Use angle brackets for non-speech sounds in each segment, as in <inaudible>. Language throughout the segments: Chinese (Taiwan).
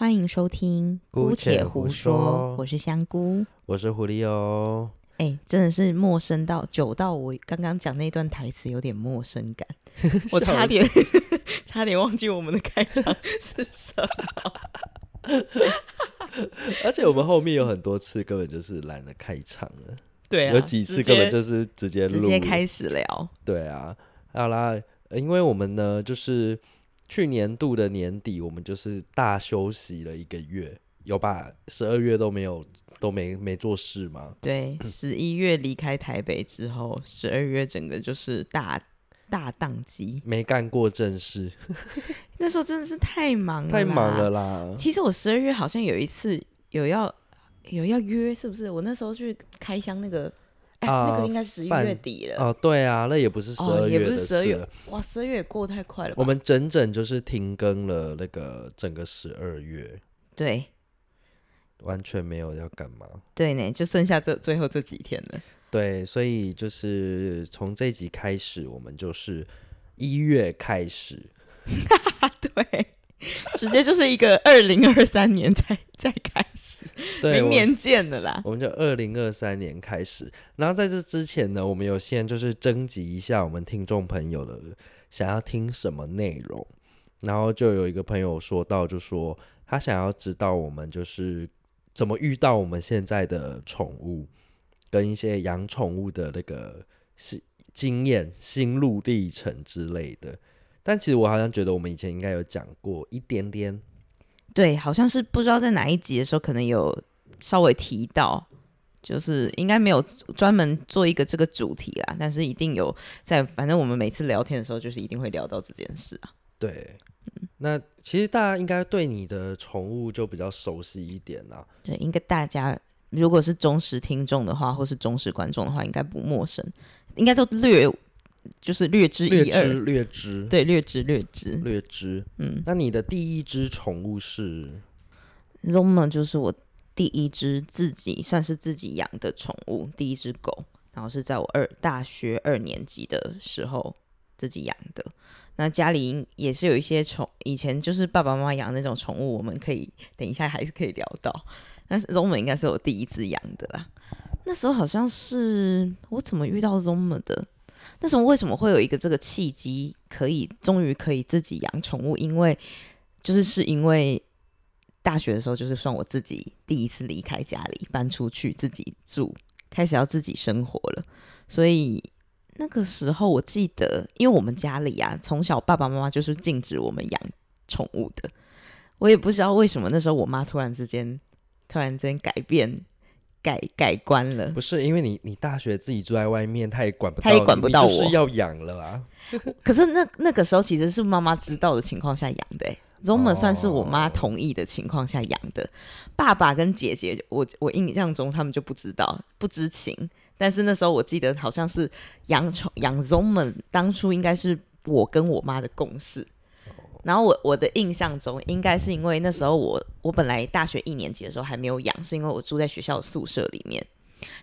歡迎收聽《姑且胡說》姑且胡說，我是香菇，我是狐狸哦。哎、欸，真的是陌生到久到我剛剛講那段台詞有點陌生感，我差點 <laughs> 差點忘記我們的開場是什麼。 <laughs> 而且我們後面有很多次根本就是懶得開場了，對、啊，有幾次根本就是直接直接，直接開始聊。對啊，阿拉，因為我們呢就是。去年度的年底，我們就是大休息了一個月，有吧？十二月都沒有都沒沒做事嗎？對，十一月離開台北之後，十二月整個就是大大當機，沒幹過正事。 <laughs> 那時候真的是太忙了，了，太忙了啦。其實我十二月好像有一次有要有要約，是不是？我那時候去開箱那個。啊，欸呃、那個應該十一月底了。哦，對啊，那也不是十二月，哦、也不是十二月，哇，十二月過太快了。我們整整就是停更了那個整個十二月，對，完全沒有要幹嘛。對呢，就剩下這最後這幾天了。對，所以就是從這一集開始，我們就是一月開始。 <laughs> 對。 <laughs> 直接就是一個二零二三年才開始，明對年見的啦。我們就二零二三年開始，然後在這之前呢，我們有先就是徵集一下我們聽眾朋友的想要聽什麼內容。然後就有一個朋友說到，就說他想要知道我們就是怎麼遇到我們現在的寵物，跟一些養寵物的那個經驗、心路歷程之類的。但其實我好像覺得我們以前應該有講過一點點，對，好像是不知道在哪一集的時候可能有稍微提到，就是應該沒有專門做一個這個主題啦，但是一定有在，反正我們每次聊天的時候就是一定會聊到這件事啊。對，那其實大家應該對你的寵物就比較熟悉一點啦。對，應該大家如果是忠實聽眾的話，或是忠實觀眾的話，應該不陌生，應該都略。就是略知一二，略知對，略知略知，略知。嗯，那你的第一隻寵物是，Zoma，就是我第一隻自己算是自己養的寵物，第一隻狗，然後是在我二大學二年級的時候自己養的。那家裡也是有一些寵，以前就是爸爸媽媽養的那種寵物，我們可以等一下還是可以聊到。但是 Zoma 應該是我第一隻養的啦，那時候好像是我怎麼遇到 Zoma 的？但是為什麼會有一個這個契機，可以終於可以自己養寵物？因為就是是因為大學的時候，就是算我自己第一次離開家裡，搬出去自己住，開始要自己生活了。所以那個時候我記得，因為我們家裡啊，從小爸爸媽媽就是禁止我們養寵物的。我也不知道為什麼那時候我媽突然之間，突然之間改變。改改觀了，不是因為你你大學自己住在外面，他也管不到，他也管不到我，是要養了啊。 <laughs> 可是那那個時候其實是媽媽知道的情況下養的 z o m a n 算是我媽同意的情況下養的。爸爸跟姐姐，我我印象中他們就不知道，不知情。但是那時候我記得好像是養寵養 z o m a n 當初應該是我跟我媽的共識。然後我我的印象中，應該是因為那時候我我本來大學一年級的時候還沒有養，是因為我住在學校的宿舍裡面。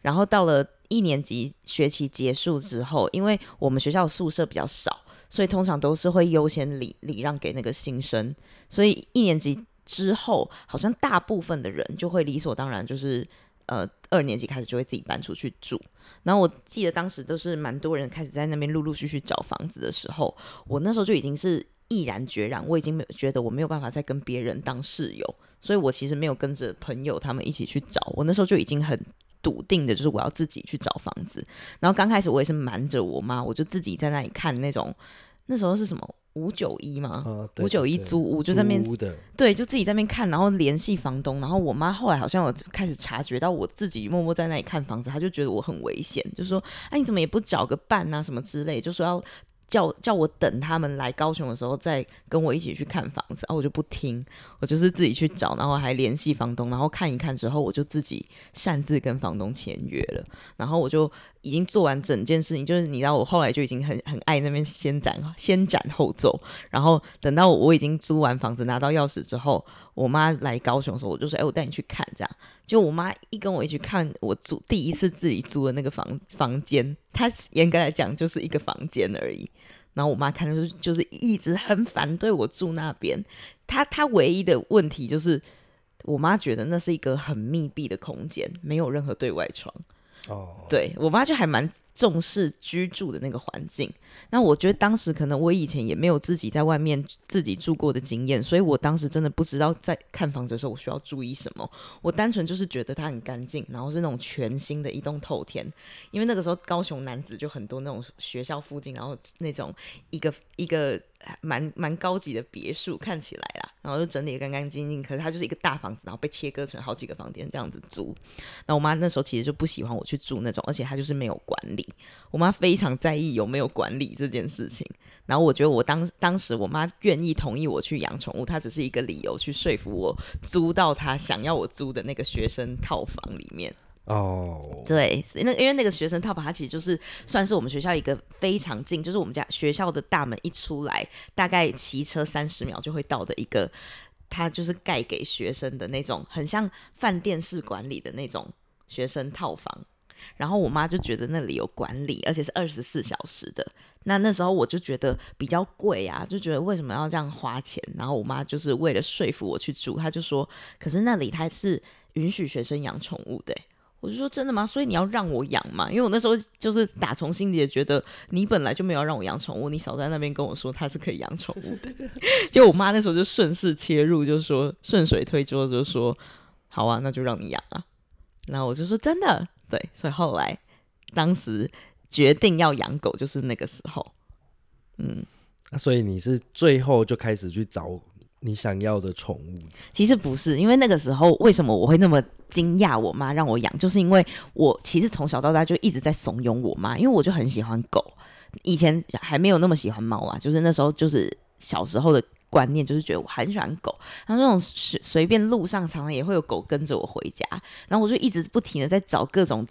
然後到了一年級學期結束之後，因為我們學校宿舍比較少，所以通常都是會優先禮禮讓給那個新生。所以一年級之後，好像大部分的人就會理所當然就是呃二年級開始就會自己搬出去住。然後我記得當時都是蠻多人開始在那邊陸陸續續續找房子的時候，我那時候就已經是。毅然決然，我已經沒有覺得我沒有辦法再跟別人當室友，所以我其實沒有跟着朋友他們一起去找。我那時候就已經很篤定的，就是我要自己去找房子。然後剛開始我也是瞞着我媽，我就自己在那裡看那種，那時候是什麼五九一嗎？五九一租屋就在面，的對，就自己在那邊看，然後聯繫房東。然後我媽後來好像有開始察覺到我自己默默在那裡看房子，她就覺得我很危險，就說：“哎、啊，你怎麼也不找個伴啊？什麼之類，就說要。”叫叫我等他們來高雄的時候再跟我一起去看房子，然後啊我就不聽，我就是自己去找，然後還聯繫房東，然後看一看之後，我就自己擅自跟房東簽約了，然後我就。已經做完整件事情，就是你知道，我後來就已經很很愛那邊先。先斬先斬後奏，然後等到我，我已經租完房子拿到鑰匙之後，我媽來高雄的時候，我就說：“哎、欸，我帶你去看。”這樣，就我媽一跟我一起看我租第一次自己租的那個房房間，她嚴格來講就是一個房間而已。然後我媽看的就是一直很反對我住那邊。她她唯一的問題就是，我媽覺得那是一個很密閉的空間，沒有任何對外窗。哦，對，我媽就還蠻重視居住的那個環境。那我覺得當時可能我以前也沒有自己在外面自己住過的經驗，所以我當時真的不知道在看房子的時候我需要注意什麼。我單純就是覺得它很乾淨，然後是那種全新的、一棟透天。因為那個時候高雄楠梓就很多那種學校附近，然後那種一個一個蠻蠻，蠻高級的別墅看起來啦。然後就整理得干干淨淨，可是它就是一個大房子，然後被切割成好幾個房間這樣子租。那我媽那時候其實就不喜歡我去住那種，而且她就是沒有管理。我媽非常在意有沒有管理這件事情。然後我覺得我當當時我媽願意同意我去養寵物，她只是一個理由去說服我租到她想要我租的那個學生套房裡面。哦，oh. 對，那因為那個學生套房，它其實就是算是我們學校一個非常近，就是我們家學校的大門一出來，大概騎車三十秒就會到的一個，它就是蓋給學生的那種，很像飯店式管理的那種學生套房。然後我媽就覺得那裡有管理，而且是二十四小時的。那那時候我就覺得比較貴啊，就覺得為什麼要這樣花錢？然後我媽就是為了說服我去住，她就說，可是那裡它是允許學生養寵物的，欸。我就說真的嗎？所以你要讓我養嘛？因為我那時候就是打從心底也覺得你本來就沒有讓我養寵物，你少在那邊跟我說它是可以養寵物的。就 <laughs> 我媽那時候就順勢切入，就說順水推舟，就說好啊，那就讓你養啊。然後我就說真的，對。所以後來當時決定要養狗就是那個時候。嗯、啊，所以你是最後就開始去找。你想要的寵物其實不是，因為那個時候為什麼我會那麼驚訝？我媽讓我養，就是因為我其實從小到大就一直在慫恿我媽，因為我就很喜歡狗，以前還沒有那麼喜歡貓啊。就是那時候，就是小時候的觀念，就是覺得我很喜歡狗，然後那種隨隨便便路上常常也會有狗跟着我回家，然後我就一直不停地在找各種。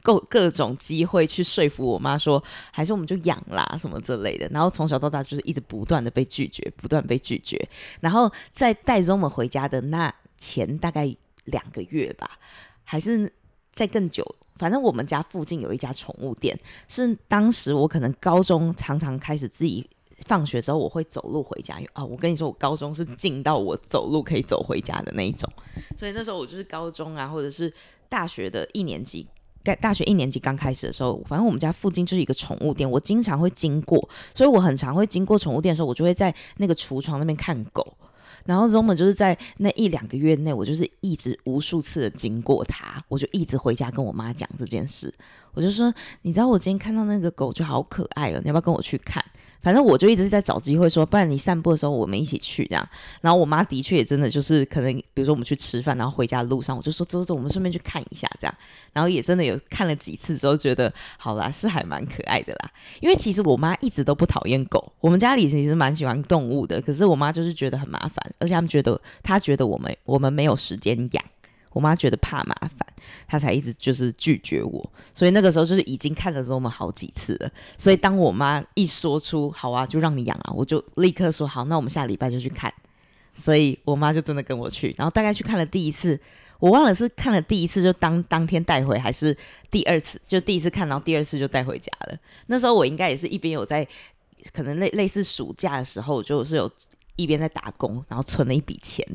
各各種機會去說服我媽說，還是我們就養啦，什麼之類的。然後從小到大就是一直不斷的被拒絕，不斷被拒絕。然後在帶着我們回家的那前大概兩個月吧，還是再更久，反正我們家附近有一家寵物店，是當時我可能高中常常開始自己放學之後我會走路回家，啊，我跟你說，我高中是近到我走路可以走回家的那一種，所以那時候我就是高中啊，或者是大學的一年級。在大學一年級剛開始的時候，反正我們家附近就是一個寵物店，我經常會經過，所以我很常會經過寵物店的時候，我就會在那個櫥窗那邊看狗。然後中 o 就是在那一兩個月內，我就是一直無數次的經過它，我就一直回家跟我媽講這件事，我就說，你知道我今天看到那個狗就好可愛了，你要不要跟我去看？反正我就一直在找機會說，不然你散步的時候，我們一起去這樣。然後我媽的確也真的就是可能，比如說我們去吃飯，然後回家的路上，我就說走走走，我們順便去看一下這樣。然後也真的有看了幾次之後，覺得好啦，是還蠻可愛的啦。因為其實我媽一直都不討厭狗，我們家裡其實蠻喜歡動物的，可是我媽就是覺得很麻煩，而且他們覺得她覺得我們我們沒有時間養。我媽覺得怕麻煩，她才一直就是拒絕我。所以那個時候就是已經看了我們好幾次了。所以當我媽一說出“好啊，就讓你養啊”，我就立刻說“好，那我們下禮拜就去看”。所以我媽就真的跟我去。然後大概去看了第一次，我忘了是看了第一次就當當天帶回，還是第二次就第一次看到，第二次就帶回家了。那時候我應該也是一邊有在，可能類類似暑假的時候，就是有一邊在打工，然後存了一筆錢。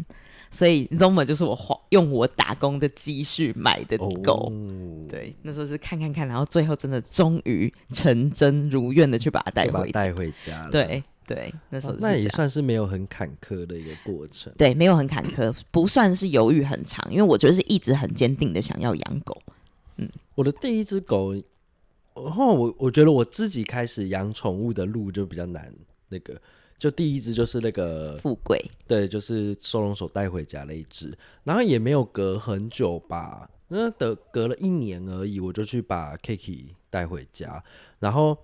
所以 Roma 就是我花用我打工的積蓄買的狗，oh, 對，那時候是看看看，然後最後真的終於成真，如願的去把它帶回家，帶回家了。對對，對啊、那時候那也算是沒有很坎坷的一個過程，對，沒有很坎坷，不算是猶豫很長，因為我覺得是一直很堅定的想要養狗。嗯，我的第一只狗，然、哦、後我我覺得我自己開始養寵物的路就比較難，那個。就第一隻就是那個富貴，對，就是收容所帶回家的一隻，然後也沒有隔很久吧，那、嗯、隔隔了一年而已，我就去把 Kiki 帶回家。然後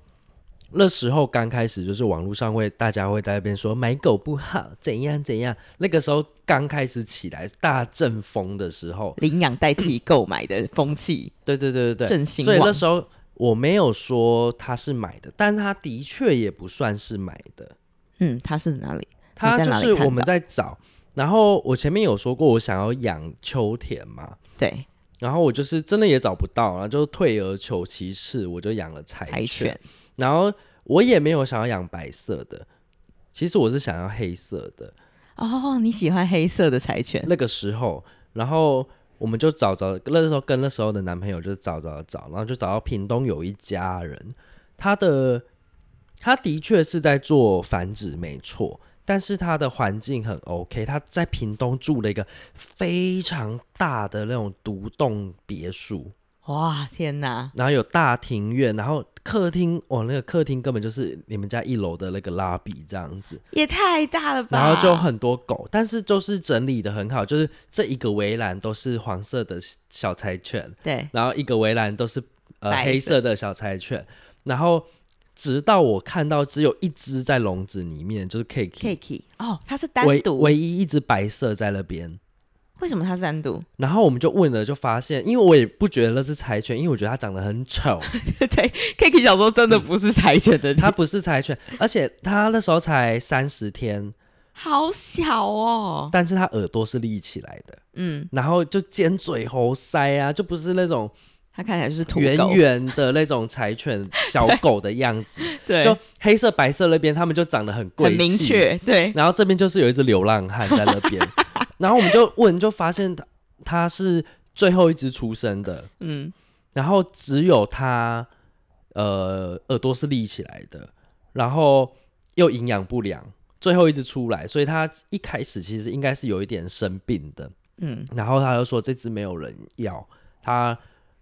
那時候剛開始就是網絡上會大家會在那邊說買狗不好，怎樣怎樣。那個時候剛開始起來大陣風的時候，領養代替購買的風氣，對對對對對，盛行。所以那時候我沒有說他是買的，但他的確也不算是買的。嗯，他是哪裡？他就是我們在找。在然後我前面有說過，我想要養秋田嘛，對。然後我就是真的也找不到，然後就退而求其次，我就養了柴犬。柴犬。然後我也沒有想要養白色的，其實我是想要黑色的。哦，你喜歡黑色的柴犬？那個時候，然後我們就找找，那時候跟那時候的男朋友就找找找，然後就找到屏東有一家人，他的。他的確是在做繁殖，沒錯，但是他的環境很 OK。他在屏東住了一個非常大的那種獨棟別墅，哇，天哪！然後有大庭院，然後客廳，哦，那個客廳根本就是你們家一樓的那個 lobby 這樣子，也太大了吧！然後就很多狗，但是就是整理得很好，就是這一個圍欄都是黃色的小柴犬，對，然後一個圍欄都是呃色黑色的小柴犬，然後。直到我看到只有一隻在籠子裡面，就是 Kiki，哦，它是單獨唯，唯一一隻白色在那邊。為什麼它是單獨？然後我們就問了，就發現，因為我也不覺得那是柴犬，因為我覺得它長得很醜。 <laughs> 對，Kiki 小時候真的不是柴犬的，它、嗯、不是柴犬，而且它那時候才三十天， <laughs> 好小哦。但是它耳朵是立起來的，嗯，然後就尖嘴猴腮啊，就不是那種。它看起來就是圓圓的那種柴犬 <laughs> 對小狗的樣子，對，就黑色白色那邊，它們就長得很貴氣，很明確，對。然後這邊就是有一隻流浪漢在那邊， <laughs> 然後我們就問，就發現它它是最後一隻出生的，嗯，然後只有它，呃，耳朵是立起來的，然後又營養不良，最後一隻出來，所以它一開始其實應該是有一點生病的，嗯。然後他就說這隻沒有人要，他。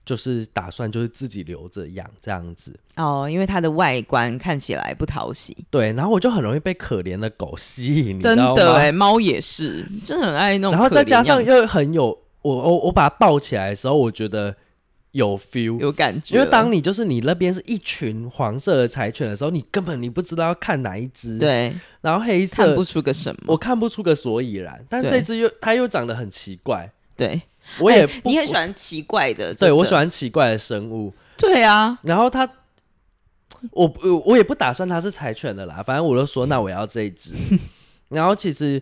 就是打算就是自己留着養這樣子哦，因為它的外觀看起來不討喜。對，然後我就很容易被可憐的狗吸引，真的哎，貓也是，真的很愛弄。然後再加上又很有，我我我把它抱起來的時候，我覺得有 feel 有感覺，因為當你就是你那邊是一群黃色的柴犬的時候，你根本你不知道要看哪一隻。對，然後黑色看不出個什麼，我看不出個所以然，但這隻又對它又長得很奇怪。對。我也不，欸，你很喜歡奇怪的。我的對，我喜歡奇怪的生物，對啊。然後他，我我也不打算他是柴犬的啦，反正我就說，那我要這一隻。 <laughs> 然後其實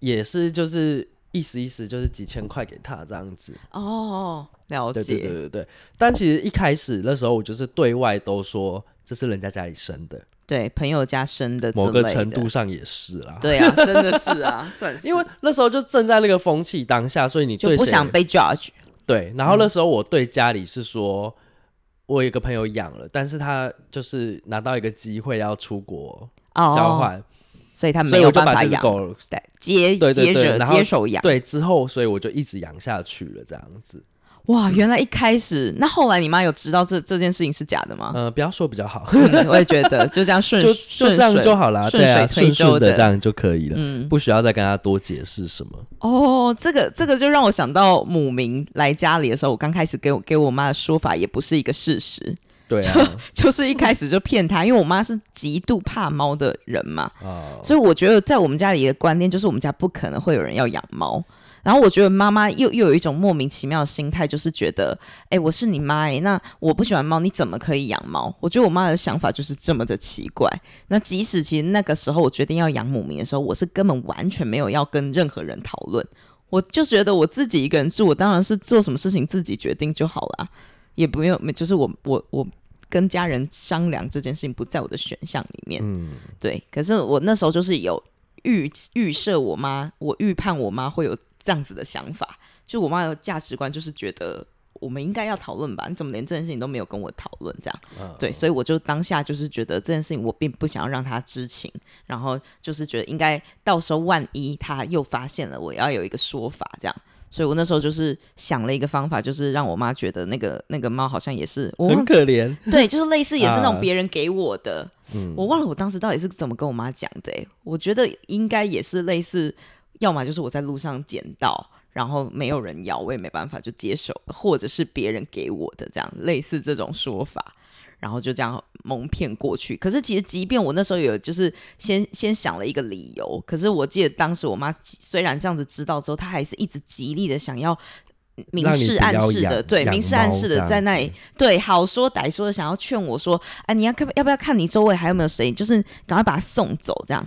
也是就是意思意思，就是幾千塊給他這樣子。哦，oh, 了解，對對對對對。但其實一開始那時候，我就是對外都說這是人家家裡生的。對，朋友家生的，某個程度上也是啦，對啊，真的是啊，算是，因為那時候就正在那個風氣當下，所以你就不想被 judge。對，然後那時候我對家裡是說，我有一個朋友養了，但是他就是拿到一個機會要出國交換，所以他沒有辦法養，接接着接手養，對之後，所以我就一直養下去了，這樣子。哇，原來一開始，那後來你媽有知道這這件事情是假的嗎？嗯，不要說比較好， <laughs> 我也覺得就這樣順順順 <laughs> 就，就，就好了，啊，順水推對啊，順修的這樣就可以了，嗯，不需要再跟他多解釋什麼。哦，這個這個就讓我想到母明來家裡的時候，我剛開始給我給我媽的說法也不是一個事實，對，啊就，就是一開始就騙她， <laughs> 因為我媽是極度怕貓的人嘛，啊，哦，所以我覺得在我們家裡的觀念就是我們家不可能會有人要養貓。然後我覺得媽媽又又有一種莫名其妙的心態，就是覺得，哎、欸，我是你媽哎、欸，那我不喜歡貓，你怎麼可以養貓？我覺得我媽的想法就是這麼的奇怪。那即使其實那個時候我決定要養母貓的時候，我是根本完全沒有要跟任何人討論，我就覺得我自己一個人住，我當然是做什麼事情自己決定就好了，也不用就是我我我跟家人商量，這件事情不在我的選項裡面。嗯、對，可是我那時候就是有預預設我媽，我預判我媽會有這樣子的想法，就我媽的價值觀就是覺得我們應該要討論吧？你怎麼連這件事情都沒有跟我討論？這樣，啊哦、對，所以我就當下就是覺得這件事情我並不想要讓她知情，然後就是覺得應該到時候萬一她又發現了，我要有一個說法，這樣。所以我那時候就是想了一個方法，就是讓我媽覺得那個那個貓好像也是我，很可憐，對，就是類似也是那種別人給我的，啊、嗯，我忘了我當時到底是怎麼跟我媽講的、欸，我覺得應該也是類似。要麼就是我在路上撿到，然後沒有人要，我也沒辦法就接受，或者是別人給我的這樣類似這種說法，然後就這樣蒙騙過去。可是其實，即便我那時候有就是先先想了一個理由，可是我記得當時我媽雖然這樣子知道之後，她還是一直極力的想要明示暗示的，對明示暗示的在那裡，對好說歹說的想要勸我說：“哎、啊，你要看要不要看你周圍還有沒有誰，就是趕快把她送走。”這樣，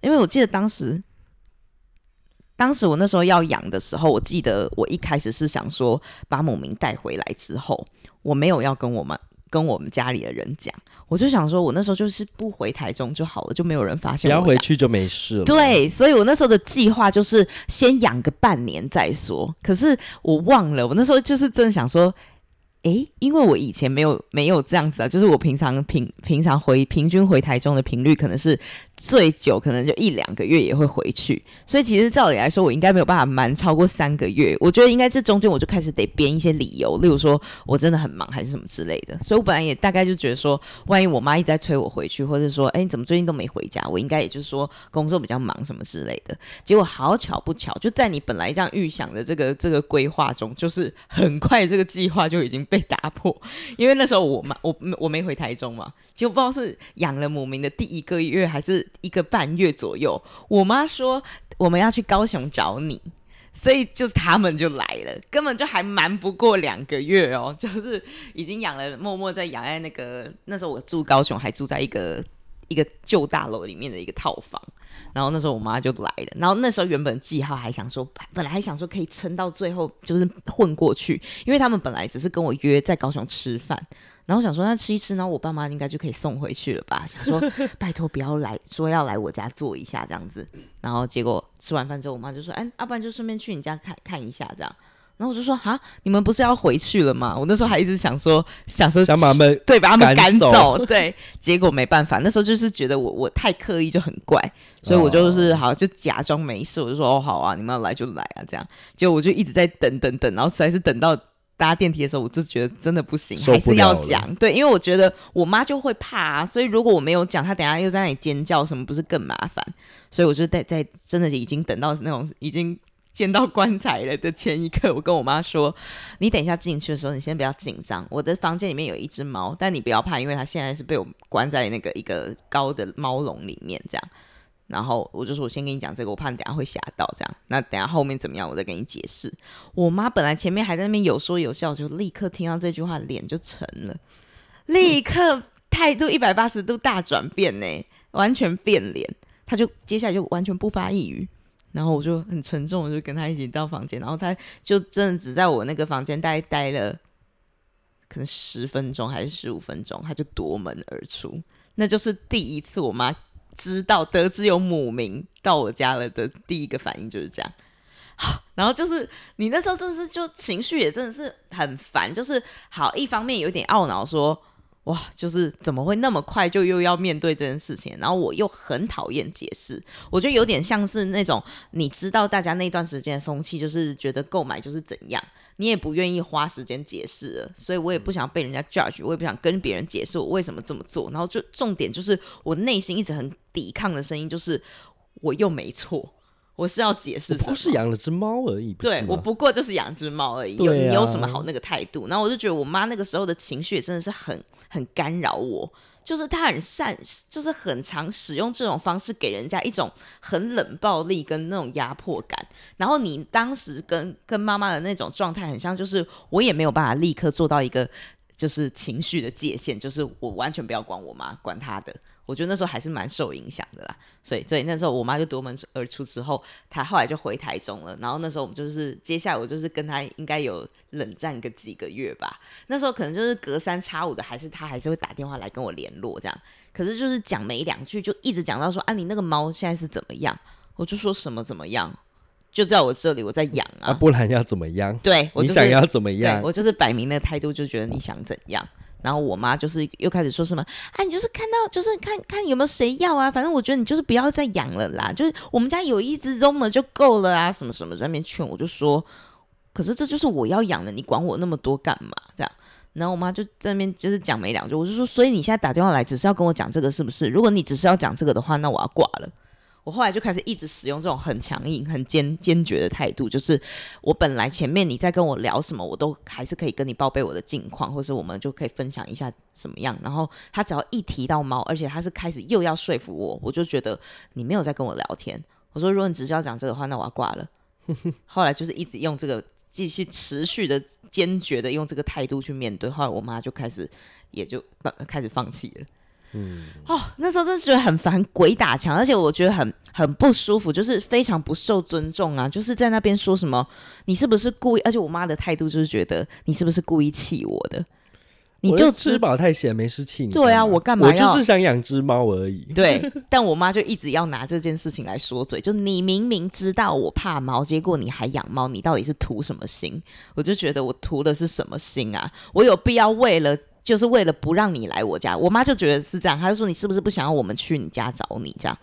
因為我記得當時。當時我那時候要養的時候，我記得我一開始是想說，把姆明帶回來之後，我沒有要跟我們跟我們家裡的人講，我就想說，我那時候就是不回台中就好了，就沒有人發現我。不要回去就沒事了。對，所以我那時候的計劃就是先養個半年再說。可是我忘了，我那時候就是真的想說。誒，因為我以前沒有沒有這樣子啊，就是我平常平平常回平均回台中的頻率可能是最久，可能就一兩個月也會回去，所以其實照理來說，我應該沒有辦法瞞超過三個月。我覺得應該這中間我就開始得編一些理由，例如說我真的很忙還是什麼之類的。所以，我本來也大概就覺得說，萬一我媽一直在催我回去，或者說，哎，你怎麼最近都沒回家？我應該也就是說工作比較忙什麼之類的。結果好巧不巧，就在你本來這樣預想的這個這個規劃中，就是很快這個計劃就已經。被打破，因為那時候我媽我我沒回台中嘛，就不知道是養了母名的第一個月還是一個半月左右，我媽說，我們要去高雄找你，所以就他們就來了，根本就還滿不過兩個月哦、喔，就是已經養了默默在養在那個，那時候我住高雄還住在一個一個舊大樓裡面的一個套房。然後那時候我媽就來了，然後那時候原本記號還想說，本來還想說可以撐到最後，就是混過去，因為他們本來只是跟我約在高雄吃飯，然後想說那吃一吃，然後我爸媽應該就可以送回去了吧？想說 <laughs> 拜託不要來說要來我家坐一下這樣子，然後結果吃完飯之後，我媽就說：“哎，要、啊、不然就順便去你家看看一下這樣。”然後我就說啊，你們不是要回去了嗎？我那時候還一直想說，想說想把他們對，把他們趕走，趕走對，結果沒辦法，那時候就是覺得我我太刻意就很怪，所以我就是、哦、好像就假裝沒事，我就說哦好啊，你們要來就來啊，這樣，結果我就一直在等等等，然後實在是等到搭電梯的時候，我就覺得真的不行，受不了了還是要講，對，因為我覺得我媽就會怕、啊，所以如果我沒有講，她等下又在那裡尖叫什麼，不是更麻煩？所以我就在在真的已經等到那種已經。見到棺材了的前一刻，我跟我媽說：“你等一下進去的時候，你先不要緊張。我的房間裡面有一隻貓，但你不要怕，因為它現在是被我關在那個一個高的貓籠裡面，這樣。然後我就說，我先跟你講這個，我怕你等下會嚇到。這樣，那等下後面怎麼樣，我再跟你解釋。”我媽本來前面還在那邊有說有笑，就立刻聽到這句話，臉就沉了，立刻態度一百八十度大轉變耶，完全變臉，她就接下來就完全不發一語。然後我就很沉重，我就跟他一起到房間，然後他就真的只在我那個房間待待了，可能十分鐘還是十五分鐘，他就奪門而出。那就是第一次我媽知道得知有母名到我家了的第一個反應就是這樣。然後就是你那時候真的是就情緒也真的是很煩，就是好，一方面有點懊惱說。哇，就是怎麼會那麼快就又要面對這件事情？然後我又很討厭解釋，我覺得有點像是那種你知道大家那段時間的風氣，就是覺得購買就是怎樣，你也不願意花時間解釋了，所以我也不想被人家 judge，我也不想跟別人解釋我為什麼這麼做。然後就重點就是我內心一直很抵抗的聲音，就是我又沒錯。我是要解釋，我不是養了只貓而已。對我不過就是養只貓而已。有、啊、你有什麼好那個態度？然後我就覺得我媽那個時候的情緒也真的是很很干擾我，就是她很善，就是很常使用這種方式給人家一種很冷暴力跟那種壓迫感。然後你當時跟跟媽媽的那種狀態很像，就是我也沒有辦法立刻做到一個就是情緒的界限，就是我完全不要管我媽，管她的。我覺得那時候還是蠻受影響的啦，所以所以那時候我媽就奪門而出之後，她後來就回台中了。然後那時候我們就是接下來我就是跟她應該有冷戰個幾個月吧。那時候可能就是隔三差五的，還是她還是會打電話來跟我聯絡這樣。可是就是講沒兩句就一直講到說啊，你那個貓現在是怎麼樣？我就說什麼怎麼樣，就在我這裡我在養啊，啊，不然要怎麼樣？對，我就是、你想要怎麼樣？我就是擺明的態度，就覺得你想怎樣。然後我媽就是又開始說什麼，哎、啊，你就是看到就是看、看看有沒有誰要啊，反正我覺得你就是不要再養了啦，就是我們家有一隻 Zoomer 就夠了啊，什麼什麼在那邊勸我。我就說，可是這就是我要養的，你管我那麼多幹嘛？這樣。然後我媽就在那邊就是講沒兩句，我就說，所以你現在打電話來只是要跟我講這個是不是？如果你只是要講這個的話，那我要掛了。我後來就開始一直使用這種很強硬、很堅堅決的態度，就是我本來前面你在跟我聊什麼，我都還是可以跟你報備我的近況，或是我們就可以分享一下怎麼樣。然後他只要一提到貓，而且他是開始又要說服我，我就覺得你沒有在跟我聊天。我說，如果你只是要講這個話，那我要掛了。 <laughs> 後來就是一直用這個繼續持續的堅決的用這個態度去面對，後來我媽就開始也就開始放棄了。嗯，哦，那時候真的覺得很煩，鬼打牆，而且我覺得很很不舒服，就是非常不受尊重啊，就是在那邊說什麼，你是不是故意？而且我媽的態度就是覺得你是不是故意氣我的？你就我吃飽太閒沒事氣你？對啊，我幹嘛？我就是想養隻貓而已。 <laughs> 對，但我媽就一直要拿這件事情來說嘴，就你明明知道我怕貓，結果你還養貓，你到底是圖什麼心？我就覺得我圖的是什麼心啊？我有必要為了？就是為了不讓你來我家，我媽就覺得是這樣，她就說你是不是不想要我們去你家找你這樣？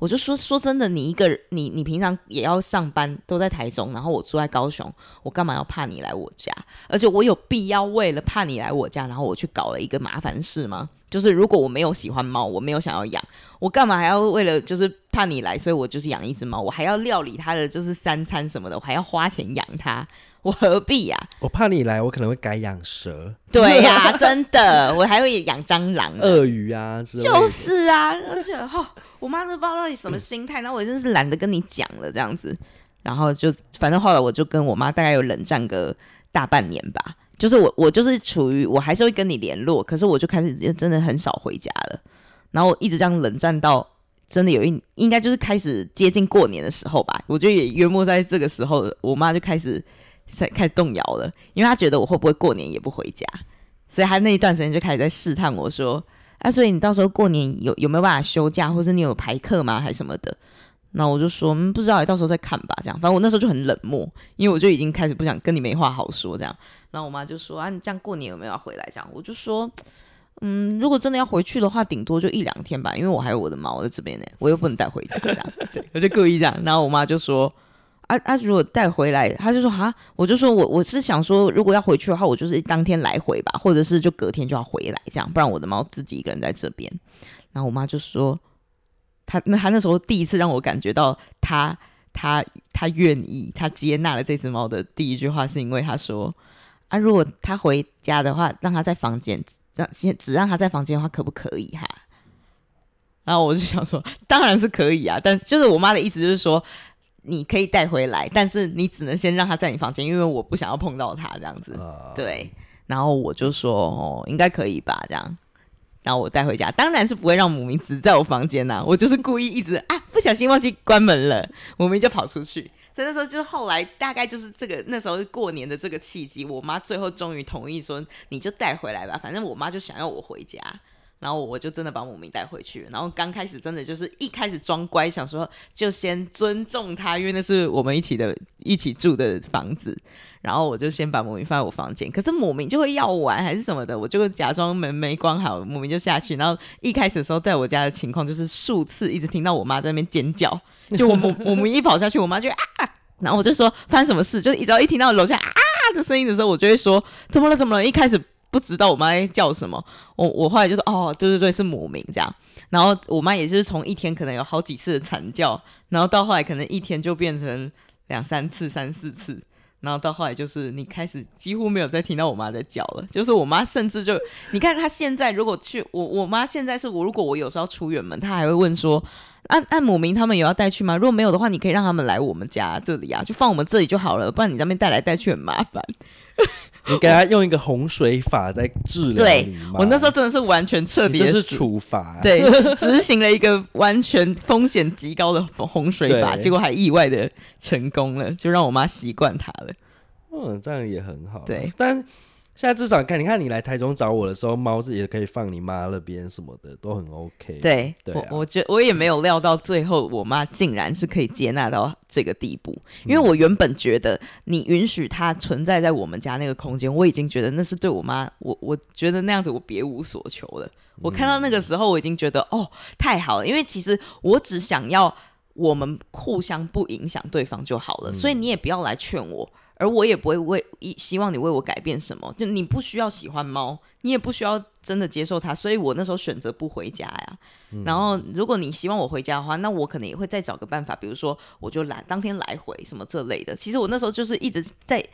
我就說說真的，你一個人，你你平常也要上班，都在台中，然後我住在高雄，我幹嘛要怕你來我家？而且我有必要為了怕你來我家，然後我去搞了一個麻煩事嗎？就是如果我沒有喜歡貓，我沒有想要養，我幹嘛還要為了就是怕你來，所以我就是養一隻貓，我還要料理它的就是三餐什麼的，我還要花錢養它。我何必呀、啊？我怕你來，我可能會改養蛇。 <laughs> 對呀、啊，真的，我還會養蟑螂、鱷魚啊，就是啊。 <laughs> 而且哈、哦，我媽都不知道到底什麼心態，嗯、然後我真是懶得跟你講了，這樣子。然後就反正後來我就跟我媽大概有冷戰個大半年吧。就是我我就是處於我還是會跟你聯絡，可是我就開始就真的很少回家了。然後我一直這樣冷戰到真的有一應該就是開始接近過年的時候吧，我就也約莫在這個時候，我媽就開始。在開始動搖了，因為他覺得我會不會過年也不回家，所以他那一段時間就開始在試探我說，哎、啊，所以你到時候過年有有沒有辦法休假，或是你有排課嗎，還是什麼的？那我就說，嗯，不知道，到時候再看吧。這樣，反正我那時候就很冷漠，因為我就已經開始不想跟你沒話好說這樣。然後我媽就說，啊，你這樣過年有沒有要回來？這樣，我就說，嗯，如果真的要回去的話，頂多就一兩天吧，因為我還有我的貓在這邊呢、欸，我又不能帶回家。這樣，對 <laughs> 我就故意這樣。然後我媽就說。啊啊！如果帶回來，她就說啊，我就說我我是想說，如果要回去的話，我就是當天來回吧，或者是就隔天就要回來，這樣，不然我的貓自己一個人在這邊。然後我媽就說，她，那她那時候第一次讓我感覺到她，她她願意，她接納了這隻貓的第一句話是因為她說啊，如果她回家的話，讓她在房間，讓先只讓她在房間的話，可不可以哈？然後我就想說，當然是可以啊，但就是我媽的意思就是說。你可以帶回來，但是你只能先讓他在你房間，因為我不想要碰到他這樣子。對，然後我就說哦，應該可以吧，這樣，然後我帶回家，當然是不會讓母咪只在我房間啊。我就是故意一直啊，不小心忘記關門了，母咪就跑出去。所以那時候，就是後來大概就是這個那時候過年的這個契機，我媽最後終於同意說，你就帶回來吧，反正我媽就想要我回家。然後我就真的把姆明帶回去了。然後剛開始真的就是一開始裝乖，想說就先尊重他，因為那是我們一起的一起住的房子。然後我就先把姆明放在我房間，可是姆明就會要玩還是什麼的，我就會假裝門沒關好，姆明就下去。然後一開始的時候，在我家的情況就是數次一直聽到我媽在那邊尖叫，就我們 <laughs> 我們一跑下去，我媽就啊。然後我就說發生什麼事，就一直一聽到我樓下啊的聲音的時候，我就會說怎麼了怎麼了。一開始。不知道我媽在叫什麼，我我後來就說哦，對對對，是母名這樣。然後我媽也是從一天可能有好幾次的慘叫，然後到後來可能一天就變成兩三次、三四次，然後到後來就是你開始幾乎沒有再聽到我媽在叫了。就是我媽甚至就，你看她現在如果去我，我媽現在是，我如果我有時候出遠門，她還會問說，按按、啊啊、母名他們有要帶去嗎？如果沒有的話，你可以讓他們來我們家這裡啊，就放我們這裡就好了，不然你那邊帶來帶去很麻煩。 <laughs> 你給他用一個洪水法在治療你媽。我那時候真的是完全徹底的，這是處罰，對，執行了一個完全風險極高的洪水法， <laughs> 對結果還意外的成功了，就讓我媽習慣他了。嗯，這樣也很好。對，但是。現在至少看，你看你來台中找我的時候，貓是也可以放你媽那邊什麼的，都很 OK。對，對啊。我我覺我也沒有料到最後，我媽竟然是可以接納到這個地步。因為我原本覺得你允許她存在在我們家那個空間，嗯。我已經覺得那是對我媽，我我覺得那樣子我別無所求了。我看到那個時候，我已經覺得哦，太好了，因為其實我只想要我們互相不影響對方就好了，嗯。所以你也不要來勸我。而我也不會為希望你為我改變什麼，就你不需要喜歡貓，你也不需要真的接受它，所以我那時候選擇不回家呀。嗯。然後，如果你希望我回家的話，那我可能也會再找個辦法，比如說我就來當天來回什麼這類的。其實我那時候就是一直在。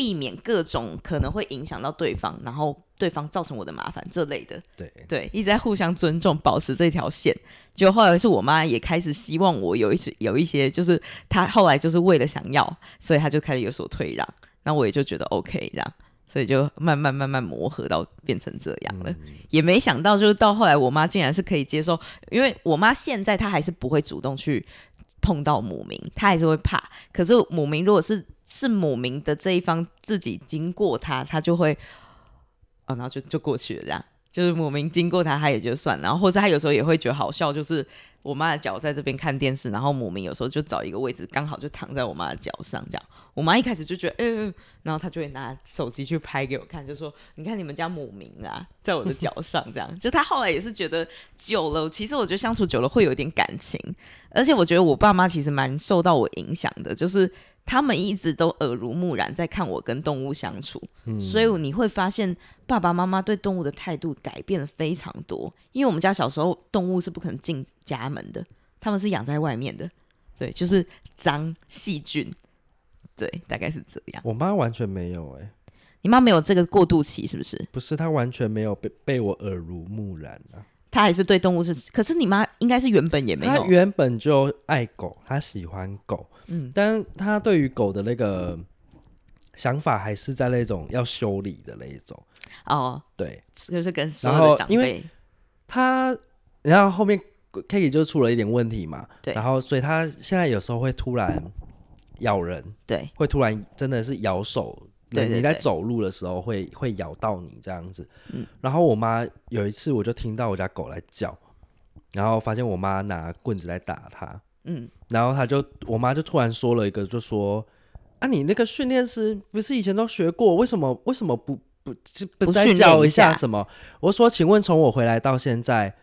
避免各種可能會影響到對方，然後對方造成我的麻煩這類的。對對，一直在互相尊重，保持這條線。結果後來是我媽也開始希望我有一些有一些，就是她後來就是為了想要，所以她就開始有所退讓。那我也就覺得 OK 這樣，所以就慢慢慢慢磨合到變成這樣了。嗯、也沒想到就是到後來我媽竟然是可以接受，因為我媽現在她還是不會主動去碰到母明，她還是會怕。可是母明如果是。是母明的這一方自己經過他，他就會哦，然後就就過去了，這樣就是母明經過他，他也就算。然後或者他有時候也會覺得好笑，就是我媽的腳在這邊看電視，然後母明有時候就找一個位置，剛好就躺在我媽的腳上，這樣。我媽一開始就覺得，嗯嗯，然後他就會拿手機去拍給我看，就說：“你看你們家母明啊，在我的腳上。”這樣， <laughs> 就他後來也是覺得久了，其實我覺得相處久了會有點感情，而且我覺得我爸媽其實蠻受到我影響的，就是。他們一直都耳濡目染在看我跟動物相處，嗯、所以你會發現爸爸媽媽對動物的態度改變了非常多。因為我們家小時候動物是不可能進家門的，他們是養在外面的，對，就是髒細菌，對，大概是這樣。我媽完全沒有誒、欸，你媽沒有這個過渡期是不是？不是，她完全沒有被被我耳濡目染啊。他還是對動物是，可是你媽應該是原本也沒有。他原本就愛狗，他喜歡狗，嗯，但他對於狗的那個想法還是在那種要修理的那一種。哦，對，就是跟所有的長輩。他然後他後面 Kiki 就出了一點問題嘛，對，然後所以他現在有時候會突然咬人，對，會突然真的是咬手。對，對，對，對，對你在走路的時候會對對對會咬到你這樣子。嗯，然後我媽有一次我就聽到我家狗來叫，然後發現我媽拿棍子來打它。嗯，然後他就我媽就突然說了一個，就說：“啊，你那個訓練師不是以前都學過，為什麼為什麼不不不再教一下什麼？”我說：“請問從我回來到現在，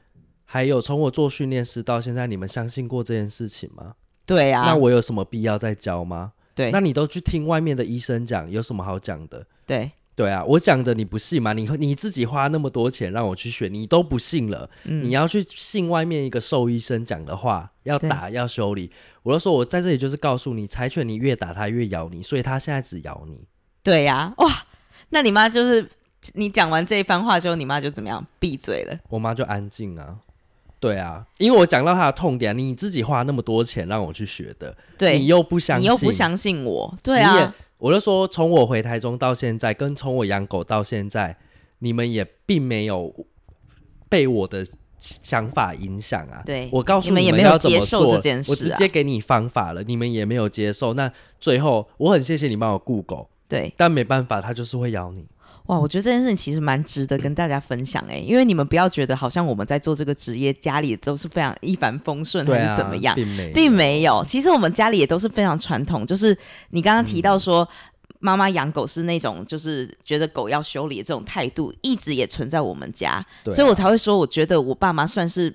還有從我做訓練師到現在，你們相信過這件事情嗎？”對啊。那我有什麼必要再教嗎？對，那你都去聽外面的醫生講，有什麼好講的？對，對啊，我講的你不信嗎？你你自己花那麼多錢讓我去學，你都不信了，嗯、你要去信外面一個獸醫生講的話，要打對要修理，我就說，我在這裡就是告訴你，柴犬你越打它越咬你，所以它現在只咬你。對呀、啊，哇，那你媽就是你講完這一番話之後，你媽就怎麼樣？閉嘴了？我媽就安靜啊。對啊，因為我講到他的痛點，你自己花那麼多錢讓我去學的，對你又不相信，你又不相信我，對啊，我就說，從我回台中到現在，跟從我養狗到現在，你們也並沒有被我的想法影響啊。對，我告訴你們要接受這件事，啊，我直接給你方法了，你們也沒有接受，那最後我很謝謝你幫我顧狗，對，但沒辦法，它就是會咬你。哇，我覺得這件事情其實蠻值得跟大家分享哎、欸，因為你們不要覺得好像我們在做這個職業，家裡都是非常一帆風順、啊、還是怎麼樣，並沒有。沒有其實我們家裡也都是非常傳統，就是你剛剛提到說媽媽養狗是那種就是覺得狗要修理的這種態度，一直也存在我們家，啊、所以我才會說，我覺得我爸媽算是，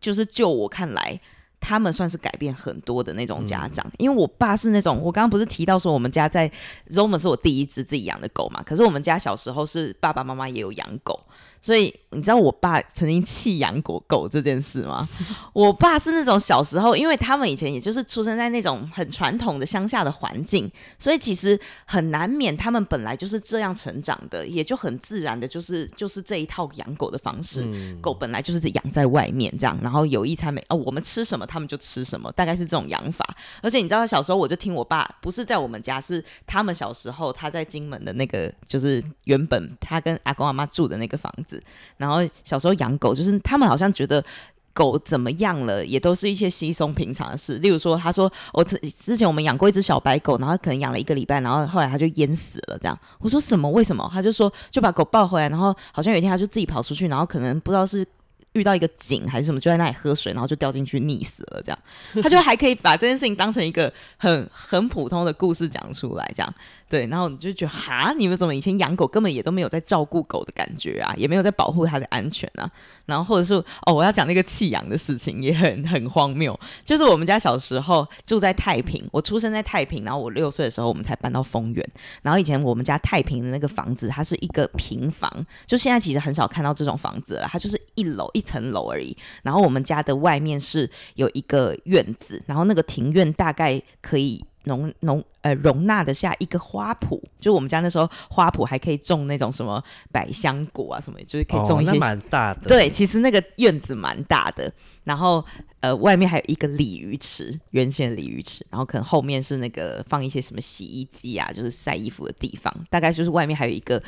就是就我看來。他們算是改變很多的那種家長，嗯、因為我爸是那種，我剛剛不是提到說我們家在 Roma 是我第一隻自己養的狗嘛？可是我們家小時候是爸爸媽媽也有養狗。所以你知道我爸曾經棄養過狗，狗這件事嗎？我爸是那種小時候，因為他們以前也就是出生在那種很傳統的鄉下的環境，所以其實很難免他們本來就是這樣成長的，也就很自然的，就是就是這一套養狗的方式。嗯，狗本來就是養在外面這樣，然後有一餐沒哦，我們吃什麼，他們就吃什麼，大概是這種養法。而且你知道，小時候我就聽我爸不是在我們家，是他們小時候，他在金門的那個，就是原本他跟阿公阿媽住的那個房子。然後小時候養狗，就是他們好像覺得狗怎麼樣了，也都是一些稀鬆平常的事。例如說，他說：“我、哦、之之前我們養過一只小白狗，然後可能養了一個禮拜，然後後來它就淹死了。”這樣，我說：“什麼？為什麼？”他就說：“就把狗抱回來，然後好像有一天他就自己跑出去，然後可能不知道是遇到一個井還是什麼，就在那裡喝水，然後就掉進去溺死了。”這樣，他就還可以把這件事情當成一個很很普通的故事講出來，這樣。對，然後你就覺得哈，你們怎麼以前養狗根本也都沒有在照顧狗的感覺啊，也沒有在保護它的安全啊，然後或者是哦，我要講那個棄養的事情也很很荒謬。就是我們家小時候住在太平，我出生在太平，然後我六歲的時候我們才搬到豐原。然後以前我們家太平的那個房子，它是一個平房，就現在其實很少看到這種房子了，它就是一樓一層樓而已。然後我們家的外面是有一個院子，然後那個庭院大概可以。容容呃、，容納得下一個花圃，就我們家那時候花圃還可以種那種什麼百香果啊，什麼就是可以種一些、哦、蠻大的。對，其實那個院子蠻大的，然後呃外面還有一個鯉魚池，原先鯉魚池，然後可能後面是那個放一些什麼洗衣機啊，就是曬衣服的地方，大概就是外面還有一個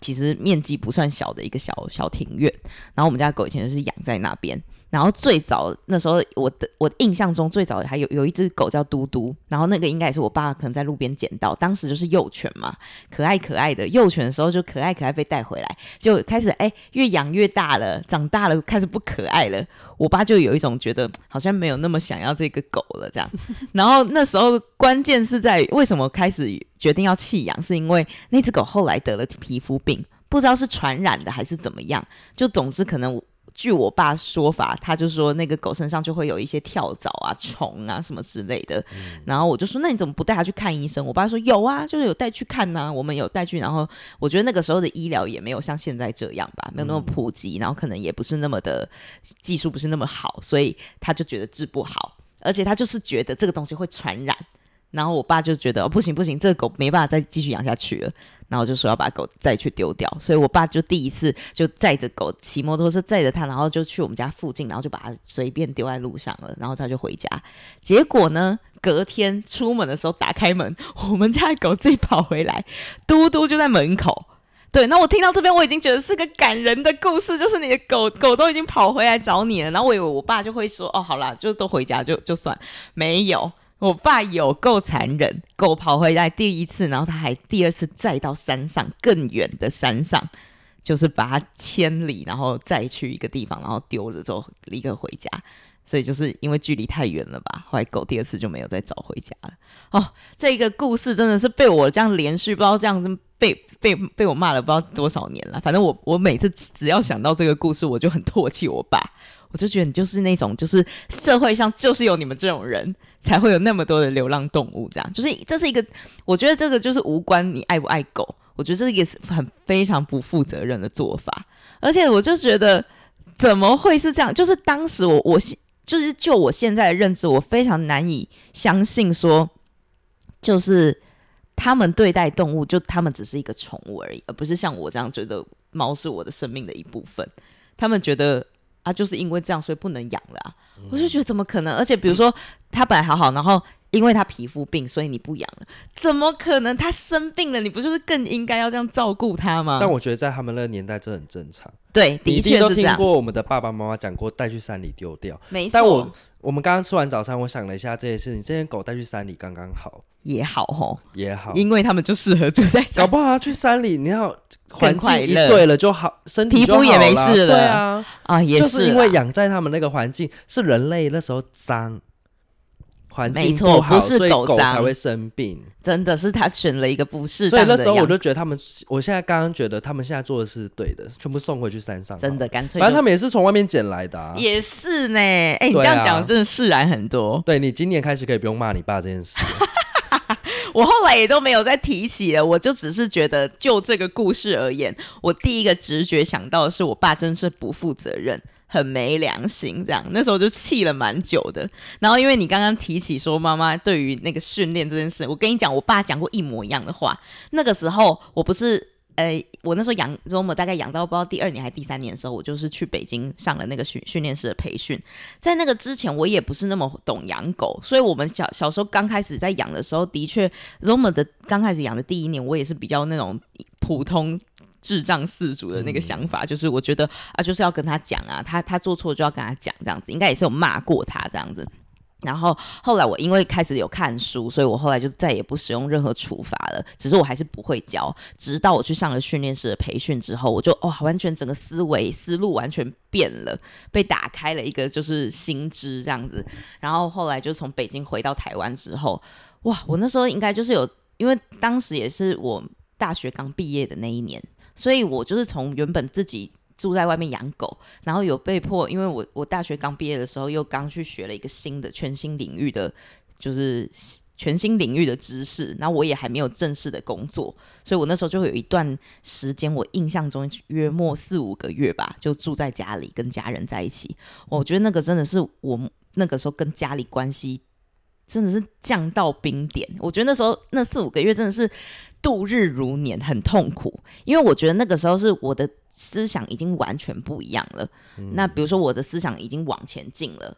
其實面積不算小的一個小小庭院，然後我們家的狗以前就是養在那邊。然後最早那時候，我的我的印象中最早還有有一隻狗叫嘟嘟，然後那個應該也是我爸可能在路邊撿到，當時就是幼犬嘛，可愛可愛的幼犬的時候就可愛可愛被帶回來，就開始哎、欸、越養越大了，長大了開始不可愛了，我爸就有一種覺得好像沒有那麼想要這個狗了這樣。 <laughs> 然後那時候關鍵是在於為什麼開始決定要棄養，是因為那隻狗後來得了皮膚病，不知道是傳染的還是怎麼樣，就總之可能。據我爸說法，他就說那個狗身上就會有一些跳蚤啊、蟲啊什麼之類的。嗯、然後我就說，那你怎麼不帶它去看醫生？我爸說有啊，就是有帶去看呢、啊。我們有帶去，然後我覺得那個時候的醫療也沒有像現在這樣吧，沒有那麼普及，嗯、然後可能也不是那麼的技術不是那麼好，所以他就覺得治不好，而且他就是覺得這個東西會傳染。然後我爸就覺得，哦，不行不行，這個狗沒辦法再繼續養下去了。然後就說要把狗再去丟掉。所以，我爸就第一次就載着狗騎摩托車載着它，然後就去我們家附近，然後就把它隨便丟在路上了。然後他就回家。結果呢，隔天出門的時候打開門，我們家的狗自己跑回來，嘟嘟就在門口。對，那我聽到這邊我已經覺得是個感人的故事，就是你的狗狗都已經跑回來找你了。然後我以為我爸就會說：“哦，好啦，就都回家，就就算沒有。”我爸有夠殘忍，狗跑回來第一次，然後他還第二次再到山上更遠的山上，就是把它千里，然後再去一個地方，然後丟着之後立刻回家。所以就是因為距離太遠了吧，後來狗第二次就沒有再找回家了。哦，這個故事真的是被我這樣連續不知道這樣被被被我罵了不知道多少年了。反正我我每次只要想到這個故事，我就很唾棄我爸。我就覺得你就是那種，就是社會上就是有你們這種人才會有那麼多的流浪動物，這樣就是這是一個，我覺得這個就是無關你愛不愛狗，我覺得這也是個很非常不負責任的做法，而且我就覺得怎麼會是這樣？就是當時我我現就是就我現在的認知，我非常難以相信說，就是他們對待動物，就他們只是一個寵物而已，而不是像我這樣覺得貓是我的生命的一部分，他們覺得。啊，就是因為這樣，所以不能養了，啊。嗯、我就覺得怎麼可能？而且比如說，嗯、他本來好好，然後。因為他皮膚病，所以你不養？怎麼可能？他生病了，你不就是更應該要這樣照顧他嗎？但我覺得在他們那個年代，這很正常。對，的確，你一定都聽過我們的爸爸媽媽講過，帶去山裡丟掉。沒錯。但我我們剛剛吃完早餐，我想了一下這件事情，你這些狗帶去山裡剛剛好，也好吼、哦，也好，因為他們就適合住在山裡。搞不好、啊、去山裡，你要環境一對了就好，身體就皮膚也沒事了。對啊，啊，也是，就是因為養在他們那個環境是人類那時候髒。沒錯，不是狗髒，所以狗才會生病。真的是他選了一個不適當。所以那時候我就覺得他們，我現在剛剛覺得他們現在做的是對的，全部送回去山上，真的乾脆。反正他們也是從外面撿來的、啊，也是呢。哎、欸、啊，你這樣講真的釋然很多。對，你今年開始可以不用罵你爸這件事。 <laughs> 我後來也都沒有再提起了，我就只是覺得，就這個故事而言，我第一個直覺想到的是，我爸真是不負責任，很沒良心，這樣。那時候就氣了蠻久的。然後，因為你剛剛提起說媽媽對於那個訓練這件事，我跟你講，我爸講過一模一樣的話。那個時候我不是。呃，我那時候養 Roma，大概養到不知道第二年還是第三年的時候，我就是去北京上了那個訓訓練師的培訓。在那個之前，我也不是那麼懂養狗，所以，我們小小時候剛開始在養的時候，的確 Roma 的剛開始養的第一年，我也是比較那種普通智障四足的那個想法，嗯、就是我覺得啊，就是要跟他講啊，他他做錯就要跟他講，這樣子，應該也是有罵過他這樣子。然後後來我因為開始有看書，所以我後來就再也不使用任何處罰了。只是我還是不會教，直到我去上了訓練師的培訓之後，我就哇、哦，完全整個思維思路完全變了，被打開了一個就是心知這樣子。然後後來就從北京回到台灣之後，哇，我那時候應該就是有，因為當時也是我大學剛畢業的那一年，所以我就是從原本自己。住在外面養狗，然後有被迫，因為我我大學剛畢業的時候，又剛去學了一個新的全新領域的，就是全新領域的知識。那我也還沒有正式的工作，所以我那時候就會有一段時間，我印象中約莫四五個月吧，就住在家裡跟家人在一起。我覺得那個真的是我那個時候跟家裡關係真的是降到冰點。我覺得那時候那四五個月真的是度日如年，很痛苦，因為我覺得那個時候是我的。思想已經完全不一樣了。嗯、那比如說，我的思想已經往前進了，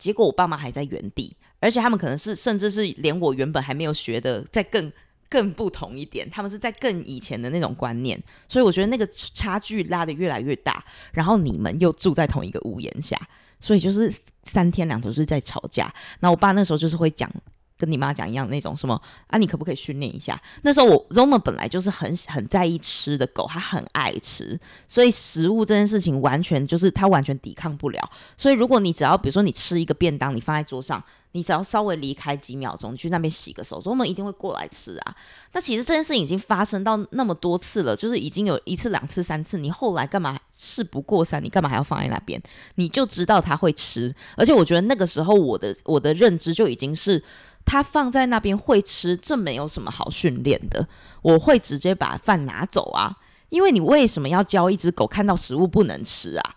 結果我爸媽還在原地，而且他們可能是甚至是連我原本還沒有學的，再更更不同一點，他們是在更以前的那種觀念。所以我覺得那個差距拉得越來越大。然後你們又住在同一個屋檐下，所以就是三天兩頭就是在吵架。那我爸那時候就是會講。跟你媽講一樣那種什麼啊？你可不可以訓練一下？那時候我羅馬本來就是很很在意吃的狗，它很愛吃，所以食物這件事情完全就是它完全抵抗不了。所以如果你只要比如說你吃一個便當，你放在桌上，你只要稍微離開幾秒鐘，你去那邊洗個手，羅馬一定會過來吃啊。那其實這件事情已經發生到那麼多次了，就是已經有一次、兩次、三次。你後來幹嘛事不過三？你幹嘛還要放在那邊？你就知道它會吃，而且我覺得那個時候我的我的認知就已經是。它放在那邊會吃，這沒有什麼好訓練的。我會直接把飯拿走啊，因為你為什麼要教一只狗看到食物不能吃啊？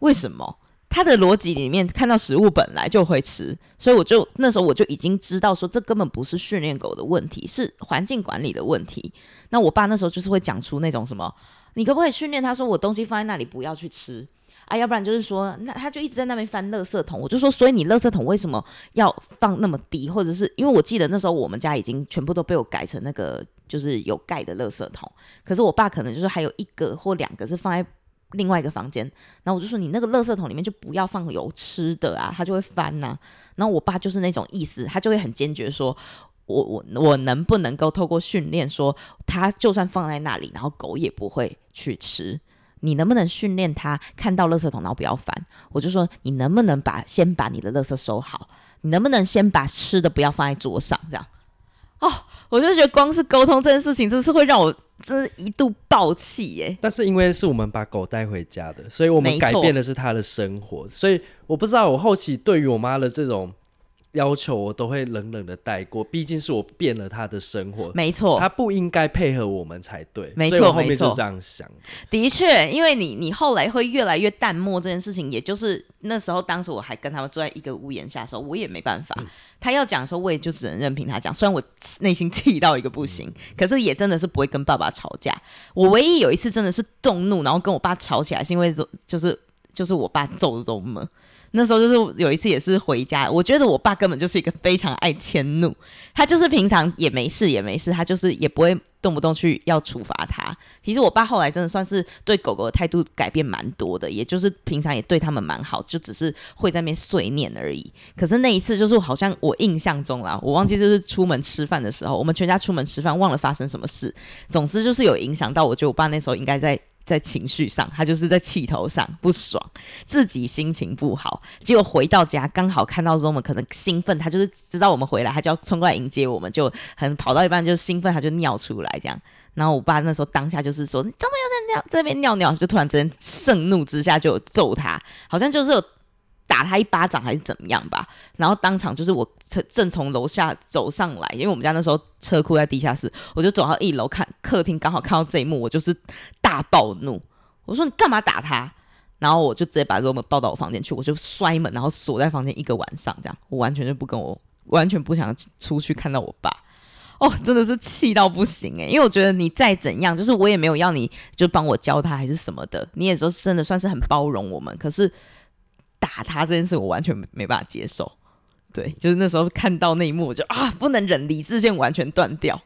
為什麼？它的邏輯裡面看到食物本來就會吃，所以我就那時候我就已經知道說，這根本不是訓練狗的問題，是環境管理的問題。那我爸那時候就是會講出那種什麼，你可不可以訓練它說我東西放在那裡不要去吃？啊，要不然就是說，那他就一直在那邊翻垃圾桶。我就說，所以你垃圾桶為什麼要放那麼低？或者是因為我記得那時候我們家已經全部都被我改成那個就是有蓋的垃圾桶。可是我爸可能就是還有一個或兩個是放在另外一個房間。然後我就說，你那個垃圾桶裡面就不要放有吃的啊，他就會翻吶、啊。然後我爸就是那種意思，他就會很堅決說，我我我能不能夠透過訓練說，他就算放在那裡，然後狗也不會去吃。你能不能訓練他看到垃圾桶然後不要翻？我就說你能不能把先把你的垃圾收好？你能不能先把吃的不要放在桌上？這樣哦，我就覺得光是溝通這件事情，真是會讓我真是一度爆氣耶。但是因為是我們把狗帶回家的，所以我們改變的是他的生活，沒錯。所以我不知道我後期對於我媽的這種。要求我都會冷冷的帶過，畢竟是我變了他的生活，沒錯，他不應該配合我們才對，沒錯，後面就這樣想的。的確，因為你你後來會越來越淡漠這件事情，也就是那時候，當時我還跟他們坐在一個屋檐下的時候，我也沒辦法，嗯、他要講的時候，我也就只能任憑他講，雖然我內心氣到一個不行，嗯、可是也真的是不會跟爸爸吵架。嗯、我唯一有一次真的是動怒，然後跟我爸吵起來，是因為就是就是我爸揍了我們。那時候就是有一次也是回家，我覺得我爸根本就是一個非常愛遷怒，他就是平常也沒事也沒事，他就是也不會動不動去要處罰他。其實我爸後來真的算是對狗狗的態度改變蠻多的，也就是平常也對他們蠻好，就只是會在那邊碎念而已。可是那一次就是好像我印象中啦，我忘記就是出門吃飯的時候，我們全家出門吃飯忘了發生什麼事，總之就是有影響到，我覺得我爸那時候應該在。在情緒上，他就是在氣頭上，不爽，自己心情不好。結果回到家，剛好看到說我們，可能興奮，他就是知道我們回來，他就要衝過來迎接我們，就很跑到一半就是興奮，他就尿出來這樣。然後我爸那時候當下就是說：“你怎麼又在尿，這邊尿尿？”就突然之間盛怒之下就有揍他，好像就是有。打他一巴掌還是怎麼樣吧，然後當場就是我正從樓下走上來，因為我們家那時候車庫在地下室，我就走到一樓看客廳，剛好看到這一幕，我就是大暴怒，我說你幹嘛打他？然後我就直接把肉某抱到我房間去，我就摔門，然後鎖在房間一個晚上，這樣我完全就不跟我完全不想出去看到我爸，哦，真的是氣到不行誒、欸。因為我覺得你再怎樣，就是我也沒有要你就幫我教他還是什麼的，你也都是真的算是很包容我們，可是。打他這件事，我完全沒辦法接受。對，就是那時候看到那一幕，我就啊，不能忍理，理智線完全斷掉，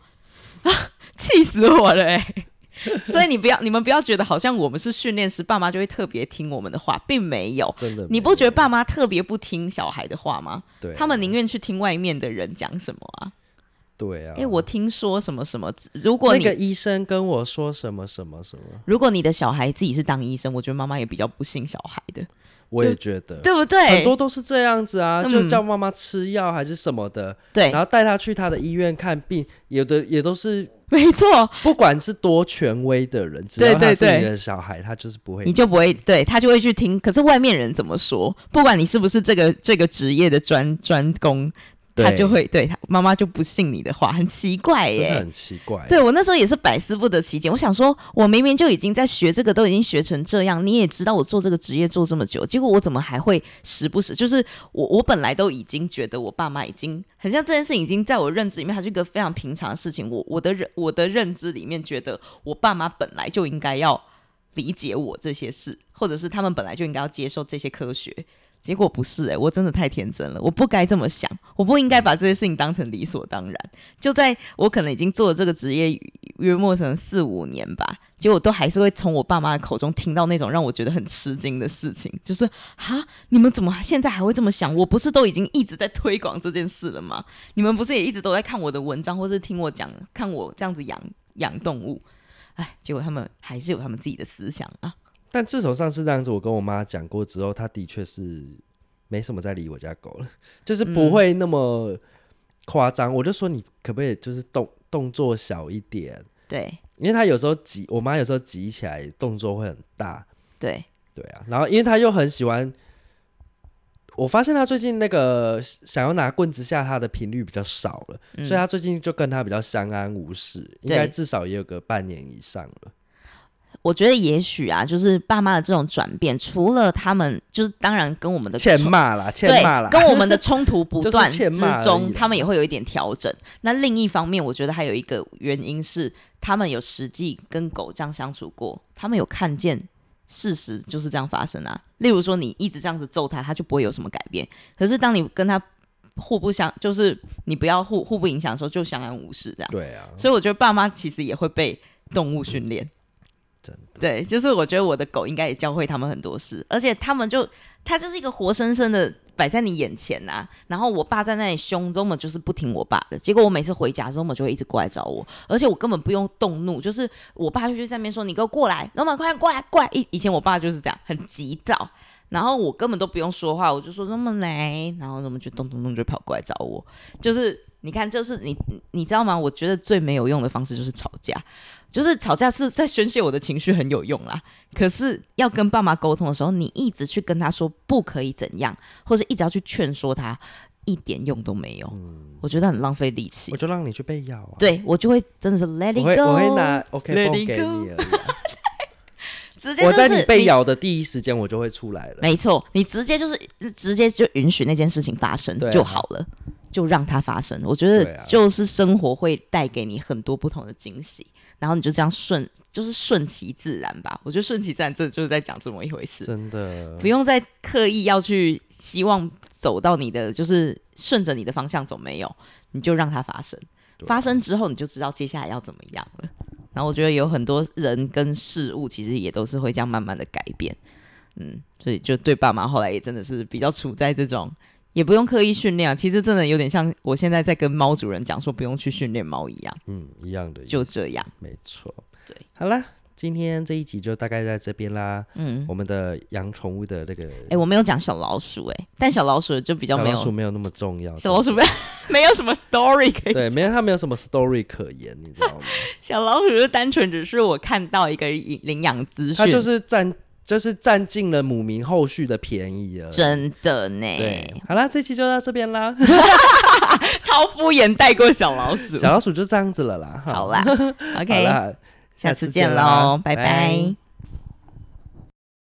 啊，氣死我了、欸！ <laughs> 所以你不要，你們不要覺得好像我們是訓練師，爸媽就會特別聽我們的話，並沒有。真的？你不覺得爸媽特別不聽小孩的話嗎？對、啊。他們寧願去聽外面的人講什麼啊？對啊。哎、欸，我聽說什麼什麼，如果你，那個醫生跟我說什麼什麼什麼，如果你的小孩自己是當醫生，我覺得媽媽也比較不信小孩的。我也覺得，對不對？很多都是這樣子啊，嗯、就叫媽媽吃藥還是什麼的，對，然後帶他去他的醫院看病，有的也都是，沒錯。不管是多權威的人，只要他是對對對，你的小孩他就是不會，你就不會，對，他就會去聽。可是外面人怎麼說？不管你是不是這個這個職業的專專攻。他就會對,對他媽媽就不信你的話，很奇怪耶，真的很奇怪。對，我那時候也是百思不得其解。我想說，我明明就已經在學這個，都已經學成這樣，你也知道我做這個職業做這麼久，結果我怎麼還會時不時就是我我本來都已經覺得我爸媽已經很像這件事情已經在我認知裡面，它是一個非常平常的事情。我我的認我的認知裡面覺得我爸媽本來就應該要理解我這些事，或者是他們本來就應該要接受這些科學。結果不是欸，我真的太天真了，我不該這麼想，我不應該把這些事情當成理所當然。就在我可能已經做了這個職業約莫成四五年吧，結果都還是會從我爸媽的口中聽到那種讓我覺得很吃驚的事情，就是啊，你們怎麼現在還會這麼想？我不是都已經一直在推廣這件事了嗎？你們不是也一直都在看我的文章，或是聽我講，看我這樣子養養動物？唉，結果他們還是有他們自己的思想啊。但自從上次那樣子我跟我媽講過之後，她的確是沒什麼再理我家狗了，就是不會那麼誇張。嗯、我就說你可不可以就是動動作小一點？對，因為她有時候急，我媽有時候急起來動作會很大。對對啊，然後因為她又很喜歡，我發現她最近那個想要拿棍子嚇她的頻率比較少了，嗯、所以她最近就跟她比較相安無事，對應該至少也有個半年以上了。我覺得也許啊，就是爸媽的這種轉變，除了他們就是當然跟我們的欠罵了，欠罵啦，對，跟我們的衝突不斷之中， <laughs> 他們也會有一點調整。那另一方面，我覺得還有一個原因是，他們有實際跟狗這樣相處過，他們有看見事實就是這樣發生啊。例如說，你一直這樣子揍他，他就不會有什麼改變。可是當你跟他互不相，就是你不要互互不影響的時候，就相安無事這樣。對啊，所以我覺得爸媽其實也會被動物訓練。 <laughs> 真的對，就是我覺得我的狗應該也教會他們很多事，而且他們就他就是一個活生生的擺在你眼前吶、啊。然後我爸在那裡凶，宗麼就是不聽我爸的。結果我每次回家，後嘛，就會一直過來找我，而且我根本不用動怒，就是我爸就在那邊說，你給我過來，那麼快過來過來。以以前我爸就是這樣很急躁，然後我根本都不用說話，我就說這麼來，然後宗麼就咚咚咚就跑過來找我，就是。你看，就是你，你知道嗎？我覺得最沒有用的方式就是吵架，就是吵架是在宣洩我的情緒很有用啦。可是要跟爸媽溝通的時候，你一直去跟他說不可以怎樣，或者一直要去勸說他，一點用都沒有。嗯、我覺得很浪費力氣。我就讓你去被咬啊！對我就會真的是 let it go，我會，我會拿 OK 繃給你而已啊。Let it go <laughs> 直接、就是、我在你被咬的第一時間，我就會出來了。沒錯，你直接就是直接就允許那件事情發生就好了。就讓它發生，我覺得就是生活會帶給你很多不同的驚喜，啊、然後你就這樣順，就是順其自然吧。我覺得順其自然，這就是在講這麼一回事，真的不用再刻意要去希望走到你的，就是順着你的方向走，沒有你就讓它發生，啊、發生之後你就知道接下來要怎麼樣了。然後我覺得有很多人跟事物其實也都是會這樣慢慢的改變，嗯，所以就對爸媽後來也真的是比較處在這種。也不用刻意訓練、啊，其實真的有點像我現在在跟貓主人講說不用去訓練貓一樣，嗯，一樣的，就這樣，沒錯錯，對，好啦，今天這一集就大概在這邊啦，嗯，我們的養寵物的那個，哎、欸，我沒有講小老鼠、欸，哎，但小老鼠就比較沒有，小老鼠沒有那麼重要，小老鼠沒有沒有什麼 story 可以，對，沒有，它沒有什麼 story 可言，你知道嗎？ <laughs> 小老鼠就單純只是我看到一個領養資訊，它就是站。就是佔盡了姆明後續的便宜啊，真的呢。對，好啦，這期就到這邊啦， <laughs> <laughs> 超敷衍帶過小老鼠，小老鼠就這樣子了啦。哈好啦，OK，下次見嘍拜，拜拜。